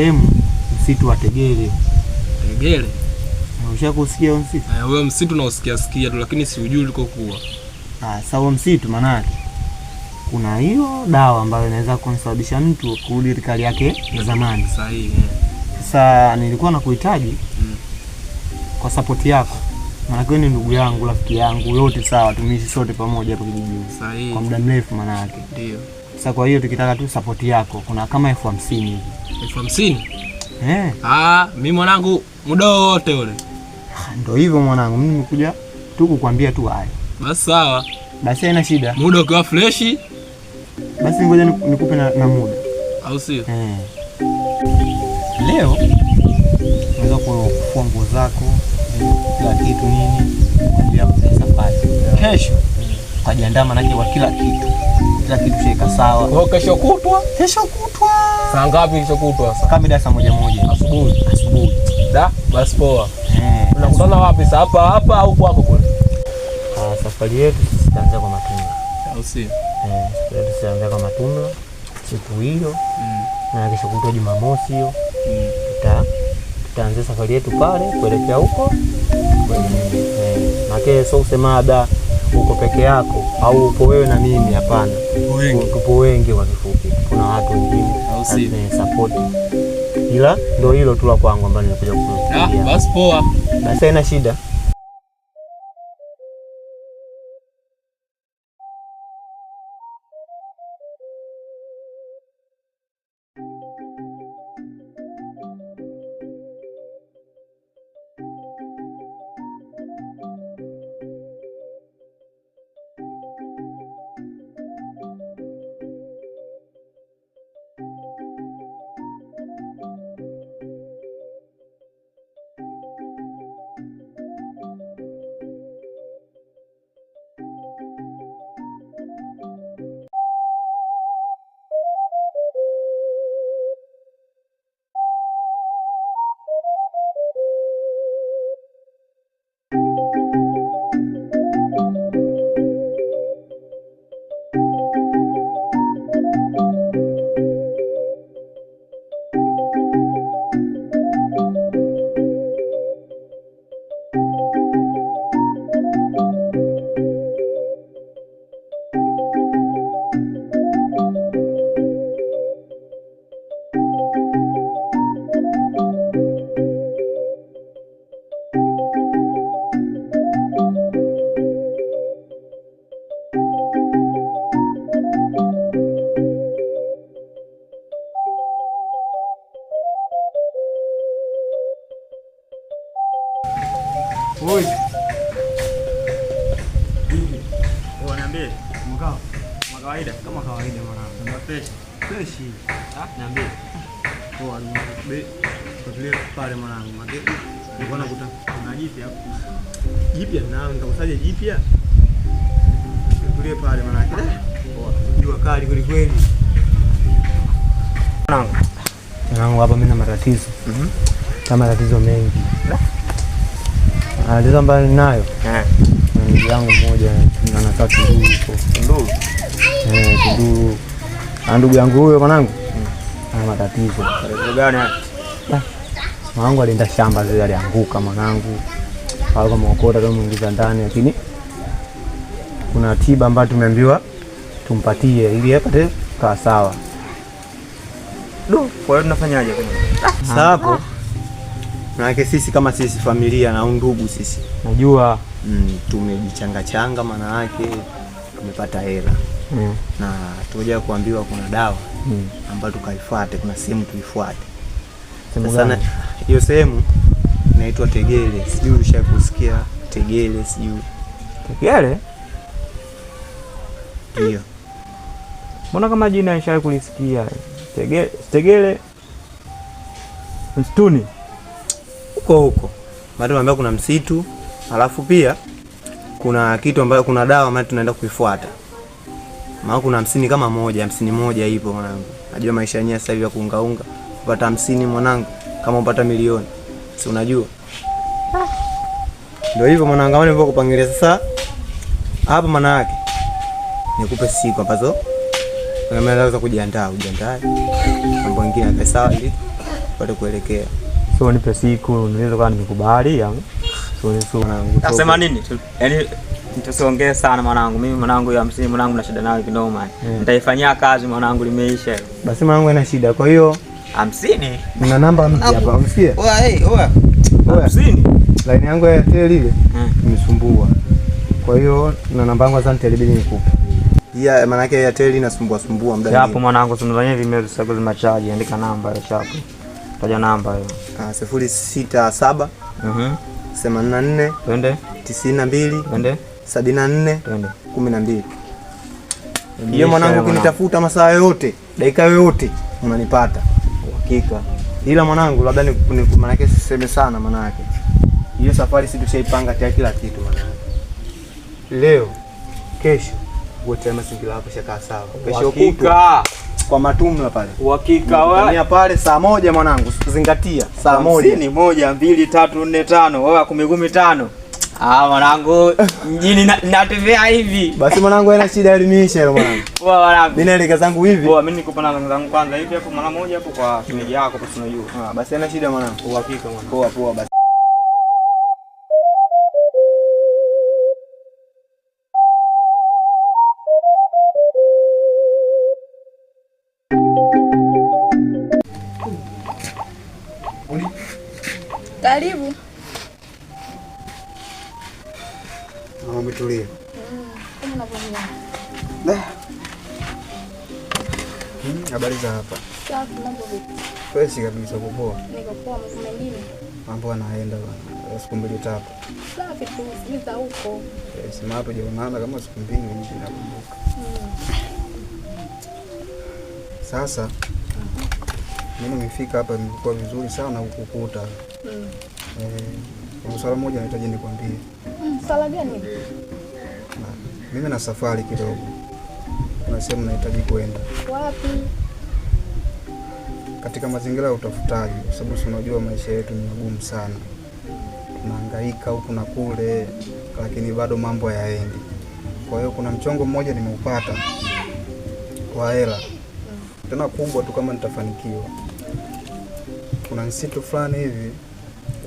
marehemu msitu wa Tegere. Tegere ushakusikia msitu huo Msitu nausikia sikia tu, lakini siujui ulikokuwa. Ah, sawa msitu maanake kuna hiyo dawa ambayo inaweza kumsababisha mtu kurudi rikali yake ya zamani. Sahihi. Eh. Sasa nilikuwa nakuhitaji mm. kwa sapoti yako, maanake ni ndugu yangu, rafiki yangu, yote sawa, tumishi sote pamoja hapo kijijini kwa muda mrefu, maanake ndio. Sasa kwa hiyo tukitaka tu sapoti yako, kuna kama elfu hamsini hivi elfu hamsini eh? Ah, mwanangu muda wote ule. Ah, ndo hivyo mwanangu, mi nimekuja tu kukwambia tu hayo. Basi sawa, basi haina shida. Muda ukiwa freshi basi ngoja nikupe na, na muda, au sio eh? Leo unaweza kufua nguo zako kila kitu nini, kuambia ajili safari. Kesho ukajiandaa manake kwa kila kitu kila kitu shika sawa. Kwa kesho kutwa, kesho kutwa. Saa ngapi kesho kutwa? Saa kama saa moja moja asubuhi. Asubuhi. Da, basi poa. Eh. Unakutana wapi? sasa? hapa hapa au kwa kwako kule? Ah, safari yetu tutaanza kwa Matumla. Au si? Eh, safari tutaanza kwa Matumla siku hiyo. Mm. Na kesho kutwa Jumamosi hiyo. Mm. Tuta tutaanza safari yetu pale kuelekea huko. Kwa mm. nini? Eh, na kesho usemada. ada uko peke yako au upo wewe na mimi. Hapana, tupo wengi. Kwa kifupi, kuna watu wengine support, ila ndio hilo tu la kwangu ambalo nimekuja kukuambia. Ah, basi poa, basi haina shida. Fresh. Fresh. Ah, niambie. Poa, pale mwanangu. Nilikuwa nakuta kuna jipya hapo. Jipya nitakusaje jipya? pale mwanangu. Poa. Jua kali kweli. Mwanangu. Mwanangu hapa mimi na matatizo. Mhm. matatizo mengi. Alizo ambayo ninayo. Ndugu yangu mmoja anataka huko. Eh, Ah, ndugu yangu huyo mwanangu mm. ana matatizo. gani? Eh. Mwanangu alienda shamba zile, alianguka mwanangu, akamwokota tumwingiza ndani, lakini kuna tiba ambayo tumeambiwa tumpatie ili apate kaa sawa. Kwa hiyo tunafanyaje? Ah. Sasa hapo manake sisi kama sisi familia na ndugu sisi, najua mm, tumejichangachanga, maana yake tumepata hela Mm. na tuja kuambiwa kuna dawa mm. ambayo tukaifuate, kuna sehemu tuifuate. Sasa hiyo sehemu inaitwa Tegele, sijui ushakusikia Tegele? Sijui Tegele hiyo mbona kama jina nishawahi kulisikia Tegele, Tegele msituni huko huko, maana tunaambia kuna msitu, alafu pia kuna kitu ambayo kuna dawa maana tunaenda kuifuata maana kuna hamsini kama moja hamsini moja hivyo mwanangu. Najua maisha yenyewe sasa hivi ya kuungaunga, upata hamsini mwanangu, kama upata milioni, si unajua ndio hivyo mwanangu, kama nilivyokupangilia sasa hapa, maana yake nikupe siku ambazo naweza kujiandaa, ujiandae mambo mengine yake sawa, ili upate kuelekea. So nipe siku, niweze kama nimekubali, ama so, so, mwanangu nasema nini? Yaani Tusiongee sana mwanangu, mimi mwanangu ya msini mwanangu na shida nayo kinoma. Yeah. Nitaifanyia kazi mwanangu, limeisha Basi mwanangu ana shida, kwa hiyo hamsini ah, na namba mpya ah, hapa, usikie. Oa, hey, oa. Hamsini. Ah, Line yangu ya Airtel ile eh. imesumbua. Kwa hiyo na namba yangu asante ilibidi nikupe. ya yeah, maana yake Airtel inasumbua sumbua muda Hapo mwanangu tunafanyia vimeo sasa machaji, andika namba ya chapo, Taja namba hiyo. Ah, 067 mhm mm 84 twende 92 twende sabini na nne kumi na mbili. Hiyo mwanangu, ukinitafuta masaa yote dakika yoyote unanipata uhakika, ila mwanangu, labda maanake siseme sana, maanake hiyo safari si tushaipanga tia kila kitu mwanangu, leo kesho wote mazingira hapo shakaa sawa, kesho kutwa kwa Matumla pale uhakika wa pale saa moja mwanangu, zingatia saa moja ni moja mbili tatu nne tano wala kumi kumi tano Ah, mwanangu mjini natembea hivi. Basi mwanangu, haina shida, elimisha hilo mwanangu. Poa mwanangu. Mimi naelekea zangu hivi. Poa, mimi niko pana zangu kwanza hivi hapo mara moja hapo kwa kimeji yako kwa tunajua. Ah, basi haina shida mwanangu. Poa hakika mwanangu. Poa poa basi. Karibu. umetulia eh. hmm, habari za hapa? Freshi kabisa. Kupoa? Mambo anaenda bwana, siku mbili tatu. Eh, sema hapo jaonana kama siku mbili hivi nakumbuka. Hmm. Sasa mimi nimefika hapa, nimekuwa vizuri sana ukukuta. Hmm. Eh, swala moja nahitaji nikwambie. Swala gani? Mimi na safari kidogo, kuna sehemu nahitaji kuenda. Wapi? Katika mazingira ya utafutaji, kwa sababu si unajua maisha yetu ni magumu sana, tunahangaika huku na kule, lakini bado mambo hayaendi. Kwa hiyo kuna mchongo mmoja nimeupata kwa hela tena kubwa tu, kama nitafanikiwa. Kuna msitu fulani hivi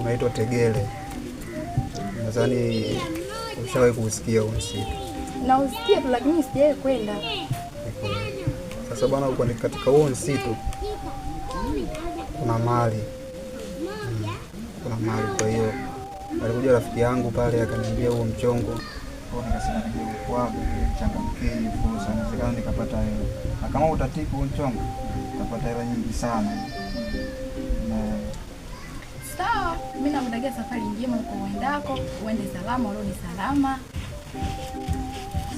unaitwa tegele nadhani ushawahi kuusikia huu msitu nausikia tu lakini sijawahi kwenda. Sasa bwana, uko ni katika huo msitu kuna mali hmm, kuna mali. Kwa hiyo alikuja rafiki yangu pale akaniambia huo mchongo nikasema nikapata hela, na kama mchongo utapata hela nyingi sana. Sawa, mimi namtakia safari njema uko uendako, uende salama, urudi salama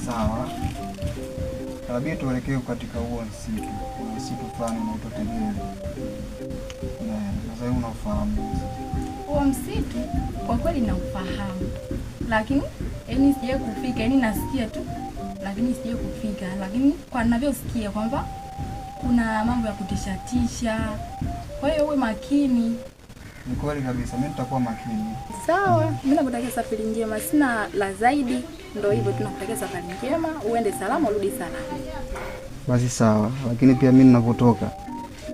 sawa. Labia tuelekee katika huo msitu, kuna msitu fulani unaototegele sasa. Hivi unafahamu huo msitu? Kwa kweli naufahamu, lakini yani sijai kufika, yani nasikia tu, lakini sije kufika. Lakini kwa navyosikia kwamba kuna mambo ya kutishatisha, kwa hiyo uwe makini. Ni kweli kabisa, mimi nitakuwa makini. Sawa, mm. mimi nakutakia safari njema, sina la zaidi. Ndio hivyo, tunakutakia safari njema, uende salama, urudi salama. Basi sawa, lakini pia mimi ninapotoka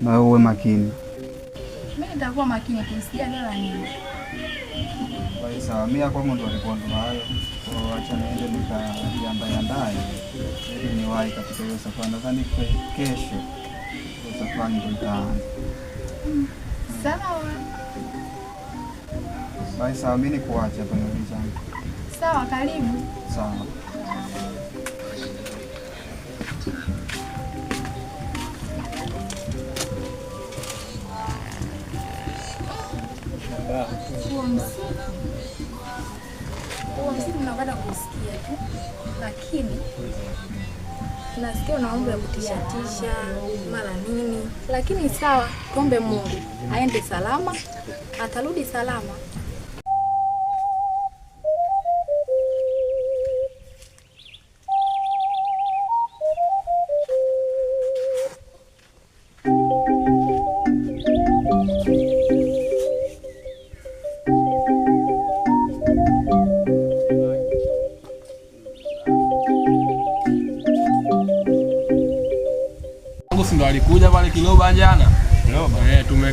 na wewe uwe makini. Mimi nitakuwa makini kusikia sijalala nini. Basi sawa, mimi hapo ndo alikuwa ndo hayo. Acha niende nikajiandae andae ili niwahi katika hiyo safari. Nadhani kesho safari ndo itaanza. Sawa. Basi sawa, mimi nikuache hapa na mimi. Sawa, karibu sana. Huo msimu unapata kusikia tu, lakini nasikia una mambo kutishatisha mara nini, lakini sawa, tuombe Mungu aende salama, atarudi salama.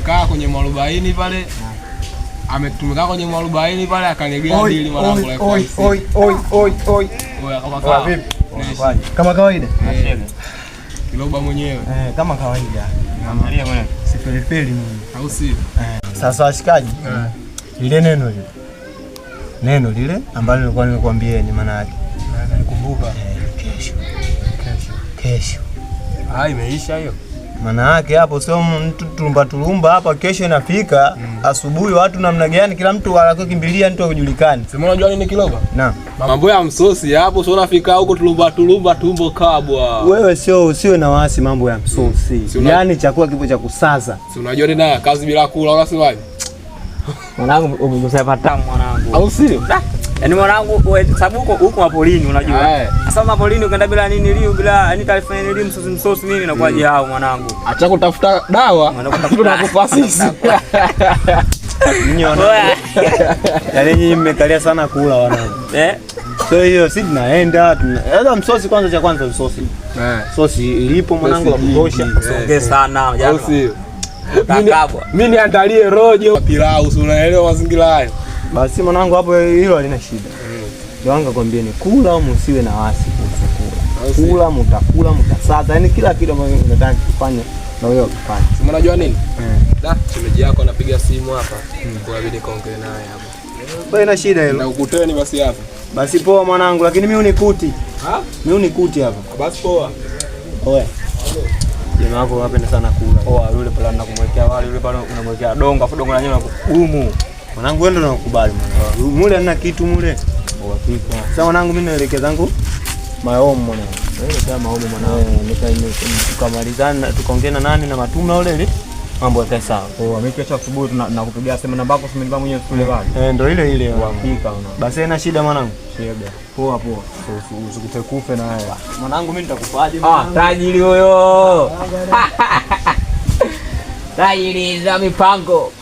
tumekaa kwenye mwarobaini pale tumekaa kwenye mwarobaini pale akalegea dili oi kama kawaida eh, kiloba mwenyewe eh, kama kawaida sifelifeli mimi au si eh, sasa washikaji eh. lile neno lile neno lile ambalo nilikuwa ni maana yake nikumbuka kesho kesho kesho ah, imeisha hiyo maana yake hapo sio mtu tulumba tulumba hapa, kesho inafika mm. Asubuhi watu namna gani? Kila mtu anakokimbilia mtu akujulikani. Sema unajua nini kiloba? Naam. Mambo ya msosi hapo, sio unafika huko tulumba tulumba tumbo kabwa. Wewe sio usiwe na wasi mambo ya msosi. Mm. Yaani chakula kipo cha kusaza. Si unajua nini kazi bila kula unasemaje? Mwanangu umegusa patamu mwanangu. Au sio? Yaani mwanangu sababu huko huko mapolini unajua. Eh. Sasa mapolini ukaenda bila nini lio bila yani taarifa ya elimu msosi msosi mimi na kwaje mm. hao mwanangu. Acha kutafuta dawa. Tunakufa sisi. Nyinyi Yaani nyinyi mmekalia sana kula wanangu. Eh? So hiyo si tunaenda tunaenda yaani msosi kwanza, cha kwanza msosi. Eh. Sosi ilipo mwanangu la kutosha. Songe eh. sana jana. Mimi niandalie rojo pilau, unaelewa mazingira hayo. Basi mwanangu, hapo hilo halina shida. Ndio anga kwambie ni kula, au msiwe na wasi kuhusu kula. Kula mtakula, mtasaza, yani kila kitu ambacho unataka kufanya na wewe ukifanya. Unajua nini? Eh. Da, shemeji yako anapiga simu hapa, Kwa vile kaongee naye hapo. Kwa ina shida hilo. Na ukuteni basi hapa. Basi poa mwanangu, lakini mimi unikuti. Ha? Mimi unikuti hapa. Basi poa. Oya. Jamaa wako wapenda sana kula. Oa yule pale anakumwekea wali, yule pale unamwekea donga, afu donga lenyewe gumu. Mwanangu wewe ndio unakubali mwanangu. Mule ana kitu mule. Sasa mwanangu mimi naelekea zangu maomo mwanangu. Wewe eh, kama maomo mwanangu. Tukamalizana tukaongeana nani na Matumla yule ile. Mambo yake sawa. Poa, eh, mimi kesho asubuhi tunakupigia simu namba yako simu mwenyewe kule bali. Eh, ndio ile ile. Uhakika. Basi haina shida mwanangu. Shida. Poa poa. Usikute kufe na haya. Mwanangu mimi nitakufaje ah, mwanangu? Ah, tajiri huyo. Tajiri za mipango.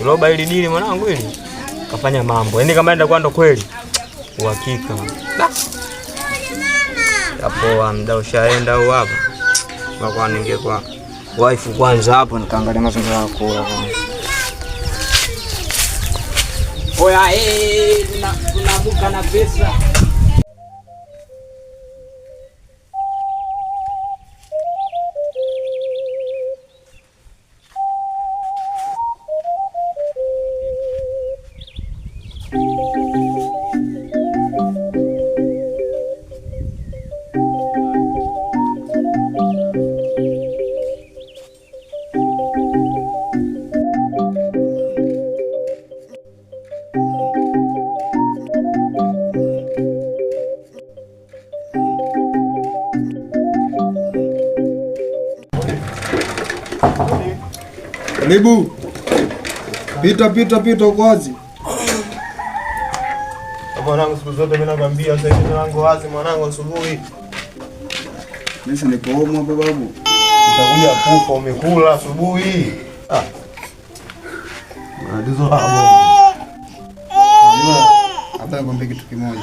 Uloba ili dili mwanangu ili kafanya mambo yaani, kama enda kwando kweli, uhakika yapoa mda ushaenda au hapa kwa ningekuwa waifu kwanza hapo nikaangalia mazingira yako. Oya, eh, eh, eh tunabuka na pesa Karibu. Pita pita pita uko wazi. Mwanangu siku zote mimi nakwambia sasa hivi mlango wazi mwanangu asubuhi. Nisa ni niko home babu. Utakuja kufa umekula asubuhi. Ah. Madizo hapo. Hata ngombe kitu kimoja.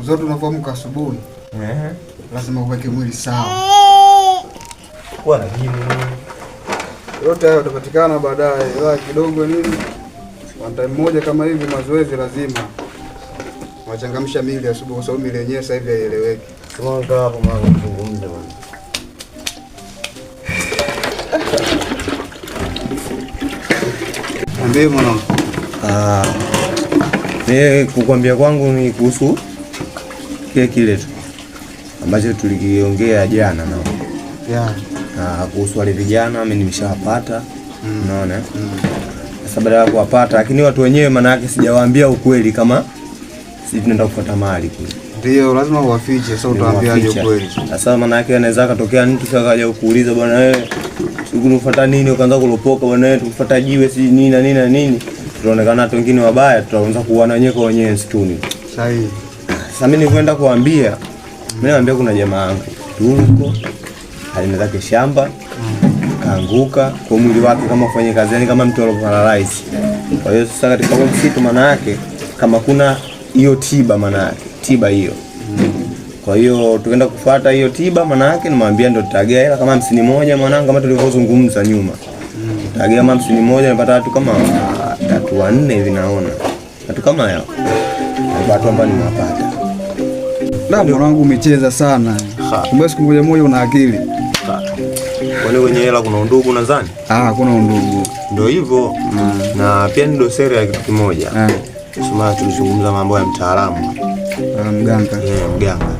Uzote unapoamka asubuhi. Eh. Lazima uweke mwili sawa. Kwa nini? Yote hayo utapatikana baadaye, ila kidogo nini, time moja kama hivi, mazoezi lazima wachangamsha mili asubuhi, kwa sababu mili yenyewe sasa hivi haieleweki. Ambie mwanangu, ah, kukwambia kwangu ni kuhusu kile kile tu ambacho tulikiongea jana na yeah na ah, kuhusu wale vijana mimi nimeshawapata, mm. unaona mm. Sasa mm. baada ya kuwapata, lakini watu wenyewe maana yake sijawaambia ukweli, kama si tunaenda kufuata mali kule, ndio lazima uwafiche. Sasa utawaambiaje ukweli? Sasa maana yake anaweza katokea mtu sasa akaja kukuuliza, bwana wewe ukunufuata nini? Ukaanza kulopoka, bwana wewe tukufuata jiwe si nini na nini na nini, tutaonekana watu wengine wabaya, tutaanza kuuana wenyewe kwa wenyewe msituni. Sahihi. Sasa mimi nilikwenda kuambia, mimi naambia kuna jamaa yangu tuko alimezake shamba kaanguka, kwa mwili wake kama kufanya kazi, yani kama mtu aloparalyze. Kwa hiyo sasa katika msitu, maana yake kama kuna hiyo tiba, maana yake tiba hiyo. Kwa hiyo tukaenda kufuata hiyo tiba, maana yake nimwambia ndo tutagea hela kama hamsini moja mwanangu, kama tulivyozungumza nyuma, tutagea kama hamsini moja nipata watu kama tatu wanne hivi, naona watu kama hao watu ambao nimewapata. Ndio wangu umecheza sana, kumbe siku moja moja una akili Kwani wenye hela kuna undugu nadhani? Ah, kuna undugu. Ndio hivyo. Mm. Na pia ni dosari ya kitu kimoja. Ah. Sema tulizungumza mambo ya mtaalamu. Ah, mganga. Yeah, mganga.